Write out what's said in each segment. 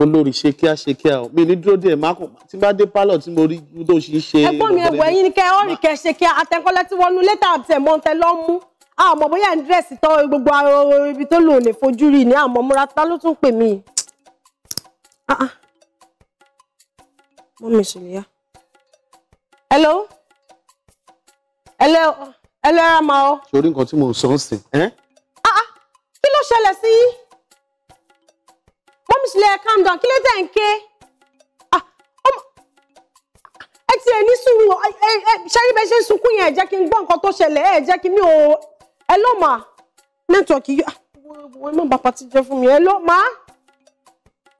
olórí ṣe kíá ṣe kíá o mi ní dúró díẹ̀ má kàn tí bá dé pálọ̀ tí mo rí tó ṣe ń ṣe. ẹ̀gbọ́n mi ẹwọ ẹyin ni kẹ ọ rí kẹ ṣe kíá àtẹkọlẹ tí wọnú létà àti ẹmọ ń tẹ lọ mú àmọ́ bóyá ń dírẹsì tọ gbogbo ibi tó lò lè fojú rí ni àmọ́ múra tá ló tún pè mí. Ah, ah. mọ mi sì níyà. hello hello hello ẹ ra ma o. sori nǹkan tí mo sọ ń sìn. Ah, kí ló ṣẹlẹ̀ sí yín sílẹ̀ calm down kí ló tẹ̀ ń ké ah, ẹ ti ẹ ní sùúrù ẹ ẹ ṣẹ́rí bẹ́ẹ̀ ṣe ń sunkún yẹn ẹ jẹ́ kí n gbọ́ nǹkan tó ṣẹlẹ̀ ẹ jẹ́ kí mi ò ẹ ló mà nẹ́tíwọ̀kì yóò wọ́n náà bàbá ti jẹ fún mi ẹ ló mà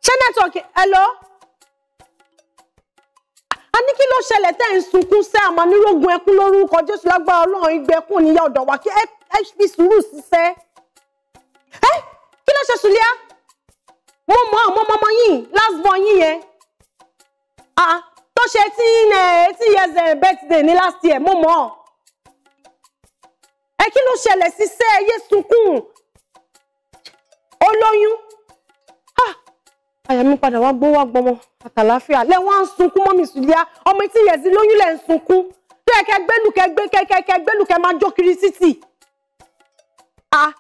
ṣé nẹ́tíwọ̀kì ẹ lọ. a ní kí ló ṣẹlẹ̀ tẹ́ ń sunkún sẹ́ àmọ́ nírògùn ẹkún lórúkọ Jésù lágbára Ọlọ́run ìgbẹ́kùn níyà ọ̀dọ̀ wa kí ẹ fi sùúrù ṣiṣẹ́ ẹ kí ló ṣe sùlíà mo mọ àwọn ọmọ yìí last born yìí yẹn ah tó ṣe eighteen eighteen years birthday ní last year mo mọ ẹ kí ló ṣẹlẹ̀ sí sẹ́ ẹ yé sunkún olóyún ah àyà mi padà wá gbó wá gbọmọ àtàláfíà lẹ́wọ̀n à ń sunkún mọ́mì sùlíà ọmọ eighteen years lóyún lẹ́ ń sunkún tó yẹ kẹ́ gbẹ́lù kẹ́ gbé kẹ́ kẹ́ gbẹ́lù kẹ́ máa jó kiri títì ah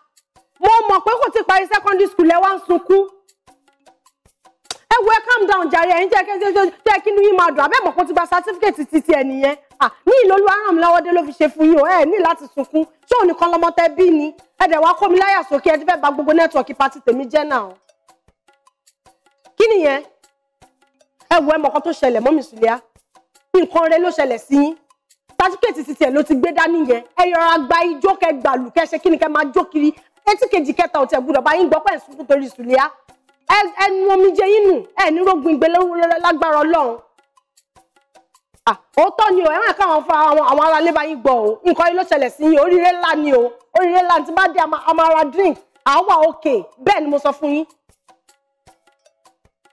mo mọ̀ pé kò ti parí secondary school lẹ́wọ̀n à ń sunkún wo ẹ calm down jàre ẹ̀yin tẹ́ tẹ́ kí inú yín máa dùn abẹ́mọ̀ kó ti gba sátífíkẹ́tì títí ẹ nìyẹn ní ìlólú aráàmúláwọ́dé ló fi ṣe fún yín o ẹ ní láti sunkún ṣé òun nìkan lọmọ tẹ bí ni ẹ dẹ̀ wá kó mi láyà sókè ẹ ti fẹ́ ba gbogbo nẹ́tíwọ̀kì pati tèmi jẹ́ náà kí nìyẹn ẹ wo ẹ mọ̀kan tó ṣẹlẹ̀ mọ́mì sùlẹ́à nǹkan rẹ ló ṣẹlẹ̀ sí yín sátífíkẹ́tì títí ẹ ló ti gbé dání yẹn ẹ yọra gba ijó kẹ gbàlù kẹ ṣe kí ni kẹ máa jó kiri etí kejì kẹta ọ̀tẹ̀ gbúdọ̀ bá yín gbọ́ pẹ̀ ń sunkún torí sùlẹ́à ẹnu omi jẹ yín nù ẹ ní rógun ìgbé lágbára Ọlọ́run òótọ́ ni o ẹ máa káwọn fa àwọn ará ilé bá yín gbọ́ o nǹkan yìí ló ṣẹlẹ̀ sí yín oríire ńlá ni o oríire ńlá ti bá dé amara drink àwa òkè bẹ́ẹ̀ ni mo sọ fún yín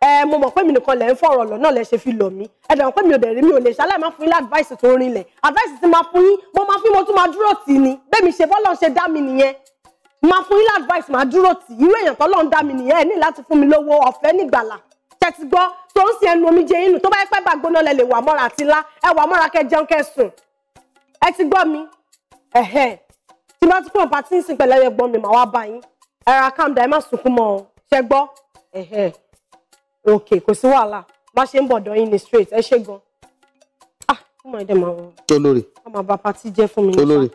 ẹ mo mọ̀ pé mi nìkan lẹ̀ ń fọ̀rọ̀ ọ̀lọ̀ náà lẹ ṣe fi lọ̀ mí ẹ dẹ̀ mọ̀ pé mi ò dẹ̀ rí mi ò lè ṣaláì máa fún yín láàdíváìsì tó rinlẹ̀ àdíváìsì ti máa fún yín mo máa fún mo tún máa dúró tì ní bẹ́ẹ̀ mi ṣe bọ́lọ̀ ṣe dá mi nìyẹn máa fún yín advice máa dúró tì irú èèyàn tó lọ́n dá mi nìyẹn ẹ̀ ní láti fún mi lówó ọ̀fẹ́ nígbàlà tẹ̀sí gbọ́ tó ń sin ẹnu omi jẹ inú tó bá yẹ pẹ́ bá gbóná lẹ lè wà mọ́ra àti ńlá ẹ wà mọ́ra kẹ jẹun kẹ sùn ẹ ti gbọ́ mi ẹ̀hẹ́n tí bá ti kúrò bá ti ń sin pẹ̀lẹ́ ẹgbọ́n mi màá wá bá yín ẹ ra calm down ẹ má sunkún mọ́ ọ ṣẹ gbọ́ ẹ̀hẹ́n okay kò sí wàhálà bá ṣe ń bọ̀dọ̀ yín ni straight ẹ ṣe gan ah fún mọ̀ ẹ́ dẹ̀ máa wọ̀. olórí. wọ́n máa bá patí jẹ́ fún mi. olórí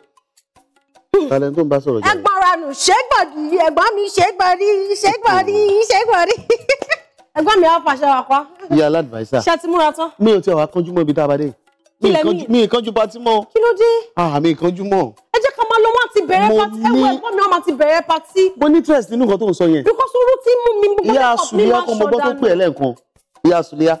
talẹ̀ tó ń bá sọ̀rọ̀ jẹ́. ẹ̀gbọ́n ranù ṣégbọ̀dì ẹ̀gbọ́n mi ṣégbọ̀dì ṣégbọ̀dì ṣégbọ̀dì ẹ̀gbọ́n mi á fàṣẹ wà pa. ìyá aládùbáyísà ṣe ti múra tán. mi ò tí a wá kánjú mọ́ ibi tá a bá dé. mi ì kánjú patí mọ́. kí ló dé. ah mi ì kánjú mọ́. ẹ jẹ́ ká máa lọ wọ́n ti bẹ̀rẹ̀ patí ẹ̀wọ̀ ẹ̀gbọ́n mi wọ́n máa ti bẹ̀rẹ̀ patí. mo ní interest nínú nǹkan tó ń sọ yẹn. because orú ti mú mi gbogbo ẹ̀kọ́ mi máa ṣọ̀dà nù. ìyá àsùlíyá kọ́ ọmọ gbọ́ tó pè é lẹ́ẹ̀kan ìyá àsùlíyá.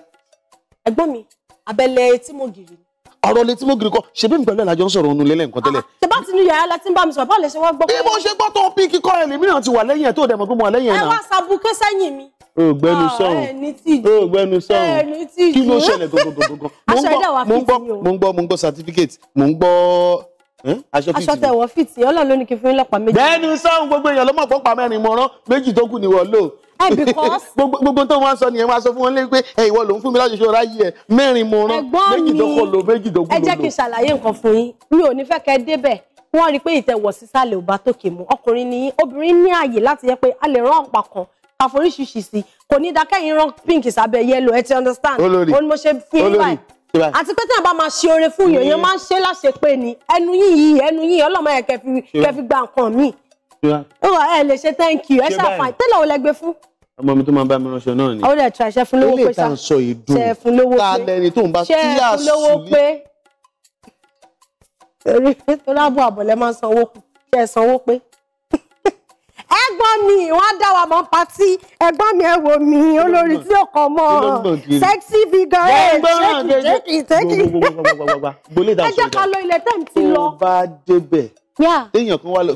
ẹ̀gbọ́n mi abẹ́lẹ̀ etí mo gìrì ni ọ̀rọ̀ létí mo gírí kọ́ ṣebí mi pẹ̀lú ẹ̀làjọ́ ń sọ̀rọ̀ ònú lélẹ̀ nǹkan tẹ́lẹ̀. ṣe ah, ti nu yàrá la ti ń bá mi sọ̀rọ̀ báwo lè ṣe wá gbọ́. bí mo ṣe gbọ́ tó pín kíkọ́ ẹ̀ lèmíràn ti wà lẹ́yìn ẹ̀ tó dẹ̀ mọ̀ pé mo wà lẹ́yìn ẹ̀ náà. ẹ wá sàbùké sẹ́yìn mi. ògbẹ́nu sọ̀hún ògbẹ́nu sọ̀hún kí ló ṣẹlẹ̀ gbogbogbò. mo ń gbọ́ mo ń gbọ́ mo ń gbọ́ certificate mo ń gbọ́ aṣọ tẹ̀wọ̀ fìtì ọlọ́run ló ní kí fún ilọ̀pàá méjì. bẹ́ẹ̀ ni sọ́hun gbogbo èèyàn ló mọ̀ fọ́pàá mẹ́rin mọ́rán méjì tó kù níwọ̀ lò gbogbo tó wọn sọ nìyẹn wọn sọ fún wọn lé pé ẹ ìwọ ló ń fún mi láti ṣọra yìí ẹ mẹ́rin mo rán méjìdókò ló ẹ jẹ́ kí n ṣàlàyé nǹkan fún yín mi ò ní fẹ́ kẹ́ débẹ̀ wọ́n rí i pé ìtẹ̀wọ̀ sísàlẹ̀ ò bá tòkè mu ọkùnrin ni obìnrin ní ààyè láti yẹ pé a lè rán ọ̀pá kan àforíṣiṣi sí kò ní dákẹ́ yín rán pink sábẹ́ yellow ẹ ti understand olórí mo ṣe fi ń báyìí àti pé tí wọn bá máa ṣe oore fún yẹn máa ń ṣe láṣepé ni ẹnu yín yìí ẹnu yín ọlọmọ yẹn kẹfì gba nǹkan míì ẹ lè ṣe thank you ẹ ṣàfàì tẹ́lẹ̀ ò lẹgbẹ fún ọmọ mi tó máa bá mi ránṣọ náà ni. ó lè tún àṣẹ fún lówó pé sá ṣe fún lówó pé ta lẹni tó ń bá tí a sùn ní. ṣe fún lówó pé torí tó lábọ̀ àbọ̀lẹ̀ máa ń sanwó kí ẹ sanwó pé. ẹ̀gbọ́n mi wọ́n á dá wa mọ́ patí ẹ̀gbọ́n mi ẹ wo mi olórí tí ò kàn mọ́ sexy figure ẹ̀ ṣéèkì ṣéèkì ṣéèkì. ẹ jẹ́ ká lọ ilẹ̀ tẹ̀ ń ti lọ. tó bá débẹ̀ téèyàn kan wá lọ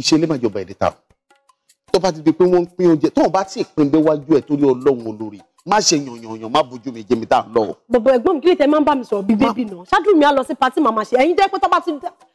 ìṣẹ̀lẹ̀ máa jọba ẹ̀dẹ̀ ta o tó bá ti di pé wọ́n ń pín oúnjẹ tó wọn bá sì pín bẹ́ẹ̀ wájú ẹ̀ torí ọlọ́run olórí má ṣe yànyànyàn má bójú mi jẹ́ mi tá à ń lọ. bọ̀bọ̀ ẹ̀gbọ́n mi kí ni tẹ máa ń bá mi sọ̀rọ̀ bíi bébì náà ṣáájú mi á lọ sí patí màmá ṣe ẹ̀yin jẹ́ pé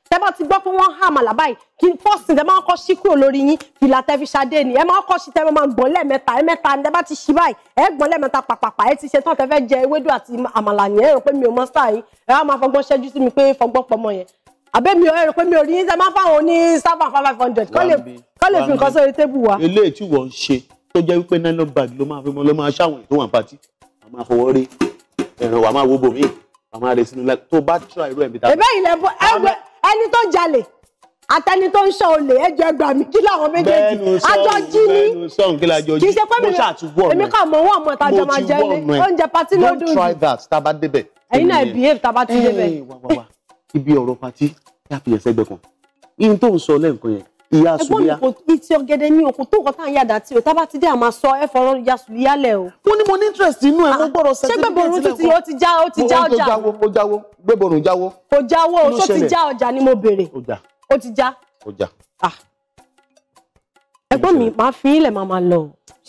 tẹ bá ti gbọ́ pé wọ́n hà màlà báyìí kí fọ́ọ̀sì tẹ máa kọ́ sí kúrò lórí yín fìlà tẹ fi ṣadé ni ẹ máa kọ́ sí tẹ máa gbọ́n lẹ́ẹ̀mẹ́ta ẹ̀mẹ́ta ẹ bá ti ṣí báyìí ẹ gbọ́n lẹ́ẹ̀mẹ́ta pàpàpà ẹ ti ṣe tán tẹ fẹ́ jẹ ewédú àti àmàlà yẹn ẹ rò pé mi ò mọ sáà yín ẹ wá máa fọgbọ́n ṣẹ́jú sí mi pé fọgbọ́n pọmọ yẹn àbẹ́ mi ẹ̀rọ pé mi ò rí yín sẹ́ máa fáwọn ní sábà five hundred kọ́ lè kọ́ lè fi nǹkan sórí tébù wa. eléyìí tí wọ́n ń ṣe tó jẹ́ wípé nylon bag ló máa fi mọ́ ló máa ṣàwọn ètò wọn pàtí wọ́n máa fọwọ́ rí ẹ̀ràn wà máa wo bòmí wọ́n máa rè sínú láì tó bá tíra irú ẹ̀mí tàbí. ìbẹ́yìn lẹ́bọ̀ ẹgbẹ́ ẹni tó jalè àtẹni tó ń ṣọ olè ẹjọ ẹgbà mi kí làwọn méjèèjì àjọ jí ní kì í ṣe pé mi kàn mọ wọn mọ tàjọ máa jẹ ní oúnjẹ patí ló dùn jù ẹyin náà behave tàbá ti débẹ̀ ibi ọ̀rọ̀ patí kí a fi ẹ̀sẹ̀ gbẹ kan ihun tó ń sọ lẹ́ǹkan yẹn ìyá sùlíyá. ẹ̀gbọ́n mi kò ti ọ̀gẹ̀dẹ̀ ní oko tó nǹkan tá à ń yàdá tí o tábà ti dé àmà sọ ẹ fọ̀rọ̀ ìyá sùlíyá lẹ o. mo ní mo ní interest inú ẹ mo ah, gbọ́dọ̀ certificate lẹ́kọ̀ọ́ ṣé gbẹ̀bọ̀rún ti o ti já o ti já ọjà. o jáwó gbẹ̀bọ̀rún jáwó. kò jáwó o ṣó ti já ọjà ni mo béèrè. o ti já. ọjà. Ah. ẹ̀gbọ́n mi máa fi ilẹ̀ máa máa lọ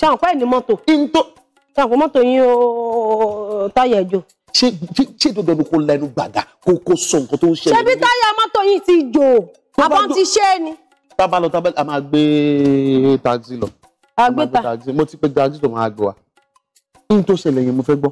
ṣàǹkọ́ ẹ̀ ní mọ́tò. ṣàǹkọ́ mọ́tò yín o táyà ẹ̀jọ̀ ṣé ṣé dandan ni kò lẹnu gbàgà kò kò sọ nǹkan tó ń ṣẹlẹ̀. ṣebí táyà mọ́tò yìí ti jò àbọ̀n ti ṣe é ni. tá a bá lọ tá a máa gbé taxi lọ. a gbé ta. mo ti pe taxi tó máa gbé wa. kí n tó ṣẹlẹ̀ yẹn mo fẹ́ gbọ́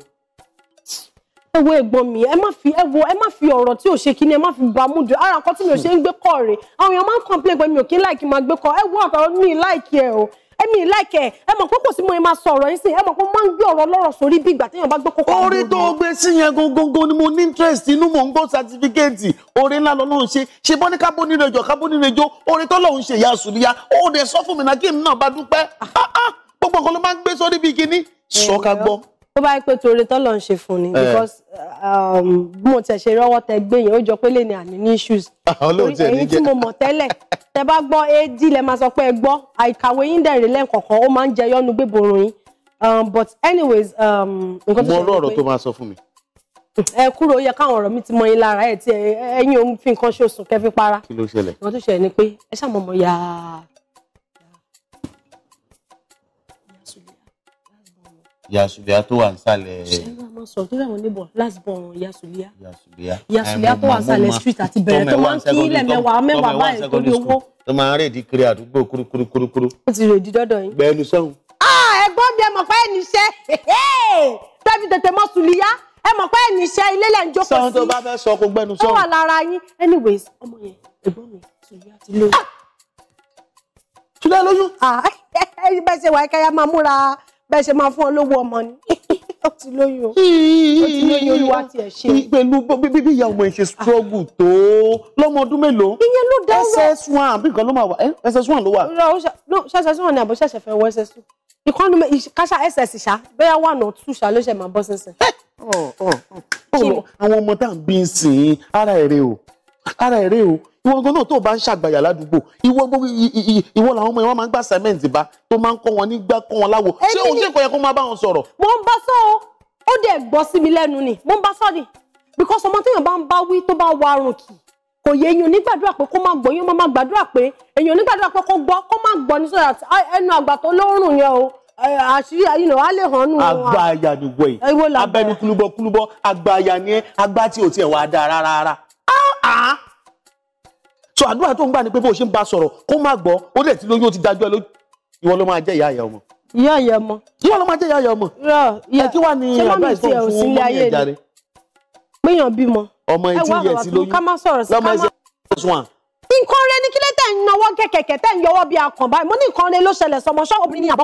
ẹ wo ẹ̀gbọ́n mi ẹ má fi ẹ wo ẹ má fi ọ̀rọ̀ tí ò ṣe kí ni ẹ má fi bá múdù ara nǹkan tí mi ò ṣe ń gbé kọ rè àwọn èèyàn máa ń complain pé mi ò kí ń láìkí máa gbé kọ ẹ wo àtàwọn mi láìkí ẹ o èmi láìkẹ́ ẹ mọ̀ pé kò sí mo ẹ máa sọ ọ̀rọ̀ yín sí ẹ mọ̀ pé mo máa ń gbé ọ̀rọ̀ lọ́rọ̀ sórí bí ìgbà téèyàn bá gbé kókó. orí tó o gbé sí yẹn ni mo ní interest inú mò ń gbọ́ certificate orí ńlá lọ́lọ́run ṣe ṣe bọ́ ní kábónírejò kábónírejò orí tọ́lọ́run ṣe ìyá sùnìyà ó dẹ̀ sọ fún mi náà kí èmi náà bá dúpẹ́ ah, ah. gbogbo nǹkan ló máa ń gbé sórí bí kinní sọ ká gbọ́ tó bá yẹ pé torí tọ́lọ̀ ń ṣe fún ni eh. because um, bí mo tẹ̀ ṣe rọ́wọ́ tẹ gbé yẹn ó jọ pé lè ní àní issues ah, torí tí mo mọ̀ tẹ́lẹ̀ tẹ bá gbọ́ ad lẹ máa sọ pé ẹ gbọ́ àìkàwé yín dẹ̀rẹ̀ lẹ́ǹkọ̀ọ̀kan ó máa ń jẹ yọ́nu gbéboro yín um, but anyways um, nǹkan tó ṣe tó máa sọ fún mi. ẹ kúrò ó yẹ káwọn ọ̀rọ̀ mi ti mọ yín lára ẹ ti ẹ̀yin òun fi nǹkan ṣe oṣù kẹfí para kí ló ṣẹlẹ̀ nǹkan tó ṣẹlẹ̀ ni pé ẹ ṣàmọ̀mọ̀ yàá yasubiya tó wà nísàlẹ̀. ṣé ẹ máa sọ tó fẹ́ràn níbọ̀ láti bọ̀ ọ̀rọ̀ yasubiya. yasubiya tó wà nísàlẹ̀ street àti bẹ̀rẹ̀ tó máa ń kí ilẹ̀ mẹ́wàá mẹ́wàá báyìí torí owó. tó máa ń rèdí kiri àdúgbò kúrúkúrúkúrú. ó ti rèdí dọ́dọ̀ yín. gbẹ̀ẹ́nu sẹ́hùn. ẹ̀gbọ́n mi ẹ mọ̀ pé ẹni iṣẹ́ tẹ́bi tètè mọ́ sùlíyá ẹ mọ̀ pé ẹni iṣẹ́ ilé lẹ́ ń jókòó sí. sọ anyways ọmọ yẹn ẹ̀gbọ́n mi sùlíyá ti lóyún. Ah! sùlíyá lóyún. ẹ ah! ẹ bá ṣe bẹ́ẹ̀ ṣe máa fún ọ lówó ọmọ ni ó ti lóyún o ó ti lóyún olúwa tiẹ̀ ṣe. pẹ̀lú bíbí ìyá ọmọ ìṣe struggle tó lọ́mọ ọdún mélòó. ìyẹn ló dá rẹ̀ ss one àbí nǹkan ló máa wà ss one ló wà. ss one ni àbọ̀ ṣẹ̀ṣẹ̀ fẹ́ wọ ss two ìkànnì kásá ss ṣá bẹ́ẹ̀ one or two ṣá ló ṣẹ̀ máa bọ́ sínsìn. Oh, oh, oh. àwọn ọmọ tá à ń bí ń sìn ara ẹ̀rẹ̀ o ara ẹ̀rẹ́ o ìwọ gan náà tó bá ń ṣàgbàyà ládùúgbò ìwọ gbogbo ìwọ làwọn ọmọ yẹn wọn máa ń gba cement bá tó máa ń kọ́ wọn nígbà kọ́ wọn láwo ṣé òun ṣe kọ́ yẹ kó máa bá wọn sọ̀rọ̀. mo ń bá sọ o ó dẹ̀ gbọ́ sí mi lẹ́nu ni mo ń bá sọ ni because ọmọ téèyàn bá ń bá wí tó bá wa arùn kì kò yẹ èèyàn nígbàdúrà pé kó má gbọ́ èèyàn má gbàdúrà pé èèyàn nígbàdúrà pé kó gbọ́ kó má gbọ́ ní sọ́dà ẹnu àgbà tó lórùn yẹn o àṣírí àyìnà wa lè hàn nù. àgbà àyà nìwọ̀ yìí abẹnukulubọkulubọ àgbà àyà ni ẹ àgbà tí o tiẹ̀ wá dáa rárá so àdúrà tó ń gbà ni pé bó ṣe ń bá sọ̀rọ̀ kó má gbọ́ ó lè ti lóyún ó ti dájú ẹ lójú ìwọ ló máa jẹ́ ìyá ìyá ọmọ. ìyá ìyá ọmọ. ìwọ ló máa jẹ́ ìyá ìyá ọmọ. ẹ kí wàá ní àdúrà ìfọ̀ fún mọ́mí ẹ̀járe. péyàn bímọ. ọmọ etí yẹ ti lóyún lọ́mọ ẹ̀sẹ̀ nǹkan rẹ ní kílẹ̀ tẹ̀ ń náwó kẹ̀kẹ̀kẹ̀ tẹ̀ ń yọwọ́ bí akàn mo ní nǹkan rẹ ló ṣẹlẹ̀ sọmọ ṣọ́ obìnrin ni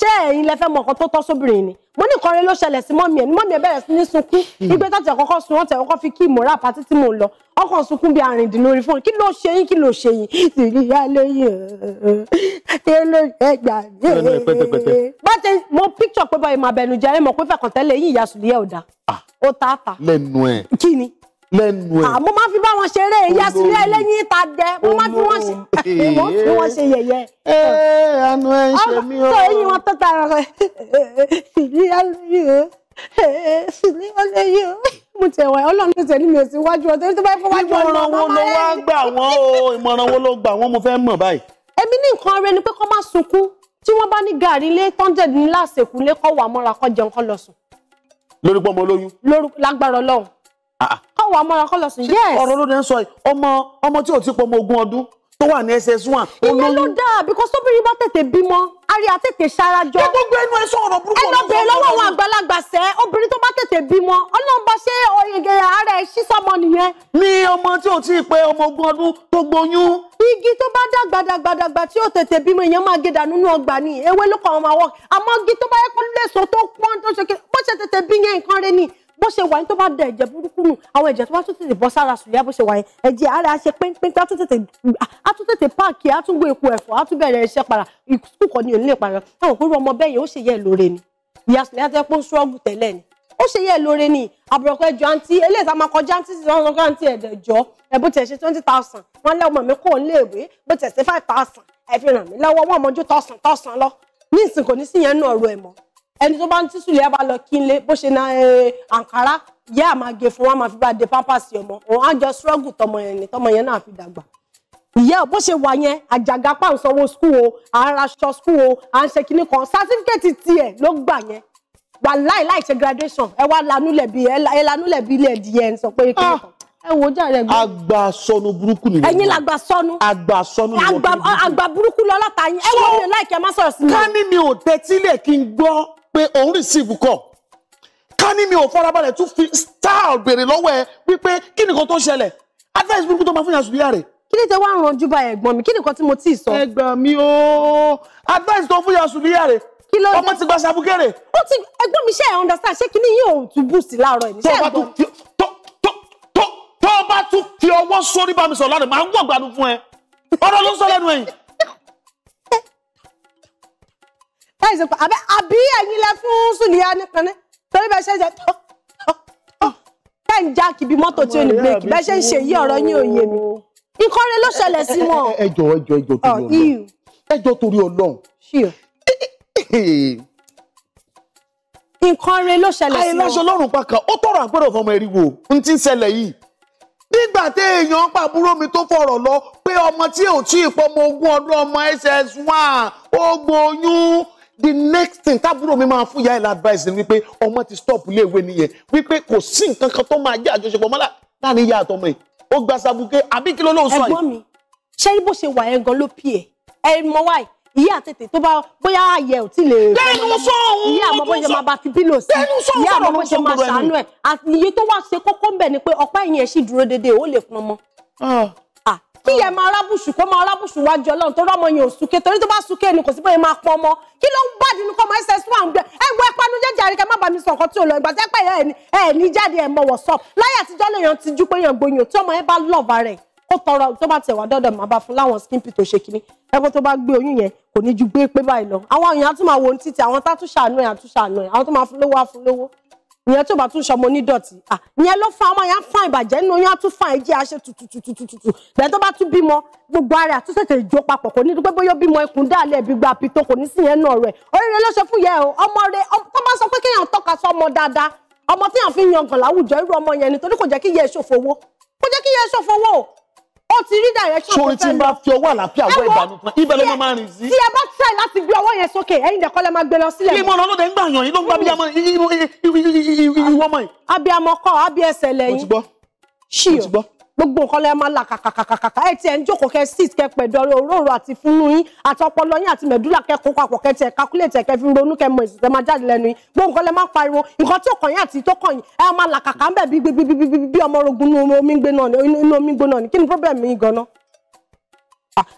ṣé ẹ̀yin lẹ fẹ́ mọ nǹkan tó tọ́ sóbìnrin ni mo ní nǹkan rẹ ló ṣẹlẹ̀ sí mọ́mí ẹ̀ ni mọ́mí ẹ̀ bẹ̀rẹ̀ sí ní sunkún ìgbé hmm. tọ́tẹ̀ kọ́kọ́ sun ọ̀tẹ̀ kọ́kọ́ fi kí ìmọ̀ra àpàtì tí mo lọ ọkàn sunkún bí arìndínlórí fún kí ló ṣe yín kí ló ṣe yín tìrí alẹ́ yìí ẹ ló ẹ mo picture pé báyìí máa bẹnu jẹ ẹ mọ̀ pé fẹ̀kàntẹ́lẹ̀ yín ìyá sùlẹ̀ ah. ẹ̀ ò kí lẹ́nu ẹ̀. àmọ́ ah, máa fi bá wọn ṣeré ìyá sílẹ̀ lẹ́yìn ìta dẹ mo máa fi wọn ṣe mo ẹ ẹ àánú ẹ ń ah, ṣe mí o. sọ èyí wọn tó tara rẹ sílẹ̀ lẹ́yìn o sílẹ̀ lẹ́yìn o mo tẹ wá Ọlọ́run ló tẹlé mi ò sí wájú ọtọ tó bá fọ wájú ọlọ́run ọmọ rẹ. ìmọ̀ràn wo ló wá gbà wọ́n o ìmọ̀ràn wo ló gbà wọ́n mo fẹ́ mọ̀ báyìí. èmi ní nǹkan rẹ ni pé kó má sunkún tí wọ́n bá ní gàrí ilé tọ́ndẹ̀d ní lé kó wà mọ́ra kó jẹun kó lọ sùn. lórúkọ ọmọ olóyún. lórúkọ lágbára Ọlọ́run. Ah, kọ́ wà mọ́ra kọ́ yes ọ̀rọ̀ ló dé ń sọ ọmọ ọmọ tí ò ti pọ̀ ọmọ ogún ọdún tó wà ní ss1. ìyẹn ló dáa because tóbìnrin bá tètè bímọ ari àtètè ṣarajọ. ẹ gbogbo ẹnu ẹ sọ ọ̀rọ̀ burúkú. ẹ lọ bèrè lọ́wọ́ àwọn àgbàlagbà sẹ obìnrin tó bá tètè bímọ Ọlọ́run bá ṣe oyinge ara ẹ ṣí sọmọ nìyẹn. ní ọmọ tí ò tí ì ọmọ ogún ọdún tó gbóyún. igi tó bá dàgbà tí ò tètè bímọ ìyẹn máa gé dànù nínú ọgbà ni ewé ló kàn máa wọ àmọ́ igi tó bá yẹ kó lè so tó pọ́n tó ṣe bó ṣe tètè bí yẹn nǹkan rẹ ni bó ṣe wà ní tó bá da ẹ̀jẹ̀ burúkú nù àwọn ẹ̀jẹ̀ tó bá tún tètè bọ́ sára sùúrìá bó ṣe wà yẹn ẹ̀jẹ̀ ara ṣe péńpéńpé á tún tètè páàkì á tún gbé epo ẹ̀fọ́ á tún bẹ̀rẹ̀ iṣẹ́ para ikú kọ́ ni ò ní lè para táwọn òpérò ọmọ bẹ́ẹ̀ yẹn ó ṣe yẹ lóore ni ìyá sùúrìá tẹ́ pé ṣọ́ọ̀gù tẹ́lẹ̀ ni ó ṣe yẹ lóore ni àbùrọ̀kọ ẹjọ́ ẹni tó bá ń tí sùlẹ̀ bá lọ kí n lé bó ṣe na àǹkárá yẹ́ à máa gé fún wa máa fi bá de pampasì ọmọ òun á jọ struggle tọmọ yẹn ni tọmọ yẹn náà fi dàgbà ìyá bó ṣe wà yẹn àjàgà pa ìsanwó skul o à ń skul o à ń ṣe kinní kan sátífíkẹ́tì tiẹ̀ ló gbà yẹn wà láì láì ṣe graduation ẹ wá lanúlẹ̀ bí ẹ lanúlẹ̀ bí ilé ẹ̀dìyẹ ń sọ pé kinní kan ah, ẹ wò ó jáde gbé. àgbà burúkú nìyẹn. ẹ̀yin làgbà sọnù. àgbà sọnù ni wọn kì í. àgbà burúkú lọ́lọ́ta yín ẹ wọ́n mi láì kẹ́ máa sọ̀rọ̀ sí mi. ká ní mi ò kí n gbọ́ pé òun receive call ká ní mi ò farabalẹ̀ tún fi star béèrè lọ́wọ́ ẹ wípé kí nìkan tó ṣẹlẹ̀ advice burúkú tó máa fún yàtúbí yà rẹ̀ kí ni tẹ wá ń ranjú bá ẹ̀gbọ́n mi kí nìkan tí mo ti sọ. ẹ gbà mí o advice tó fún yàtúbí yà rẹ̀ kí ló dé ọmọ ti gba sabukere. ó ti ẹ̀gbọ́n mi ṣe ẹ understand ṣé kí ni yóò tún boost láàárọ̀ ẹ níṣẹ ẹ̀gbọ́n. tó o bá tún fi ọwọ́ sórí bá mi sọ̀rọ̀ lánàá máa ń wọ̀gbàdùn fún ẹ ọ̀rọ̀ ló ń sọ lẹ́nu ẹ̀yìn. láì sọ pé àbí ẹ̀yin lẹ fún sùlìyà nìkan ní torí bẹ́ẹ̀ ṣe ṣe tọ́ tọ́ tẹ́ ń já kìbí mọ́tò tí ò ní bírèkì bẹ́ẹ̀ ṣe ń ṣe yí ọ̀rọ̀ yín òye mi nǹkan rẹ ló ṣẹlẹ̀ sí wọn. ẹjọ ẹjọ ẹjọ torí Ọlọ́run ẹjọ torí Ọlọ́run. nǹkan rẹ ló ṣẹlẹ̀ sí wọn. àìláṣọ lọ́rùn pa ó tọrọ àgbẹ̀rọ̀ fọmọ ẹ̀rí wo ohun tí ń ṣẹlẹ̀ yìí nígbà tí èèyàn pàbúrò mi tó fọ̀rọ̀ lọ pé ọmọ tí ò tí ì pọmọ ogún ọdún ọmọ ss1 ó gbóyún the next thing tábúrò mi máa fún yàrá advice ni wípé ọmọ ti stop iléèwé nìyẹn wípé kò sí nǹkan kan tó máa jẹ́ àjọṣepọ̀ mọ́lá láàrin ìyá àtọmọ yìí ó gba sabuke àbí kí ló lóun sọ yìí. ẹ̀gbọ́n mi ṣé bó ṣe wà yẹn gan ló pì ẹ ẹ mọ wáyé ìyá àtètè tó bá bóyá ààyè ò tí lè. lẹ́nu sọ òun ìyá àmọ́ bó ṣe máa bá fi bílò sí ìyá àmọ́ bó ṣe máa ṣàánú ẹ kí yẹn máa rábùṣù kó máa rábùṣù wájú ọlọ́run tó rọ́mọ yẹn ò súnké torí tó bá súnké ni kò sí bóyá máa pọn ọmọ kí ló ń bá dínú kọ́ ọmọ ss one gbẹ ẹ wọ ẹpanu jẹjẹ àríkẹ má bàa mi sọ nǹkan tí ò lọ ìgbà tí ẹ pẹ ẹ ní ẹ ní jáde ẹ mọ wọsọp láyé àtijọ́ lèèyàn ti jú pé èèyàn gbòyàn tí ọmọ ẹ bá lọ́ọ̀bà rẹ̀ kó tọrọ tó bá tẹ̀ wá dọ́dọ̀ má bá fún láwọn skin pit tó ṣe kínní ẹgbẹ́ tó bá gbé oyún yẹn kò ní ju gbé pé báyìí lọ àwọn èèyàn á tún máa wo ohun títì àwọn tá tún ṣàánú ẹ̀ àtúnṣàánú ẹ̀ àwọn tó máa fún lówó á fún lówó ìyẹn tó bá tún ṣọmọ onídọ̀tí ìyẹn ló fa ọmọ yẹn fún ìbàjẹ́ nínú yẹn á tún fa ẹ̀jẹ̀ àṣẹ tutututututu bẹ́ẹ̀ tó bá tún bímọ gbogbo ara ẹ̀ tún ṣètò ìjọ papọ̀ kò ní pé bóyá bímọ ikùn dálẹ̀ bí gba pito kò ní sí yẹn náà rẹ̀ oríire ló ṣe fún yẹn o ọmọ rẹ̀ tó bá sọ pé kéèyàn tọ́ka sọ ọmọ dáadáa ọmọ tí yàn fi yangàn láwùjọ irú ọmọ yẹn nítorí kò jẹ́ kí yẹ ṣòfò kò jẹ́ kí yẹ ṣòfò ó ti rí direction tó fẹ́ lọ. sori tí n bá fi ọwọ́ àlàáfíà wọ ìbànújẹ́ ibẹ̀ ló máa rìn sí. tí ẹ bá tẹ̀ láti gbé ọwọ́ yẹn sókè ẹ̀yin dẹ̀kọ́ lẹ́ máa gbé lọ sílẹ̀. ìmọ̀ràn ọlọ́dẹ ń gbà yàn yín ló ń gbà bíi ìwọ́mọ̀ yìí. abiyamọ kọ abiyẹsẹ lẹ́yìn. mo ti gbọ́ mo ti gbọ́ gbogbo nǹkan lẹ́ẹ̀ máa là kàkàkàkàkà ẹ̀ tí ẹ̀ ń jókòó kẹ́ sit kẹ́ pẹ̀dọ̀rẹ́ òróòrò àti fúnnú yín àti ọpọlọ yín àti mẹ̀dúlà kẹ́ kó papọ̀ kẹ́ tiẹ̀ calculate kẹ́ fi ń ronú kẹ́ mọ èsì tẹ́ máa jáde lẹ́nu yín gbogbo nǹkan lẹ́ẹ̀ máa pariwo nǹkan tí ó kàn yín àti tó kàn yín ẹ̀ máa là kàkà ń bẹ̀ bí bí ọmọ orogun inú omi gbóná ni kí ni problem yín gan-an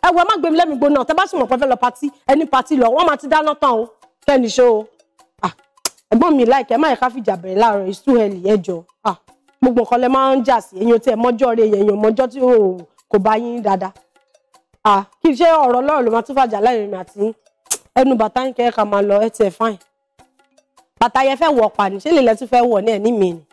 ẹ wọ ẹ má gbé mi lẹ́mi gbóná tẹ bá sì mọ̀ pé fẹ́ lọ patí ẹni patí lọ wọ́n máa ti dáná tán o kẹ́ni ṣó o ẹ̀gbọ́n mi láìkẹ́ má yẹ ká fìjà bẹ̀rẹ̀ láàárọ̀ it's too early ẹjọ́ gbogbo nǹkan lẹ máa ń jà sí èyàn tí ẹ mọ́jọ́ rẹ èyàn mọ́jọ́ tí kò bá yín dáadáa ah kì í ṣe ọ̀rọ̀ lọ́rọ̀ ló máa tún fàjà láìrìn àti ẹnu bàtà ń kẹ́ ká máa lọ ẹ tiẹ̀ fáìn bàtà yẹn fẹ́ wọ̀ pa ni ṣé lè lẹ́tún fẹ́ wọ̀ ní ẹ̀ ní mi ni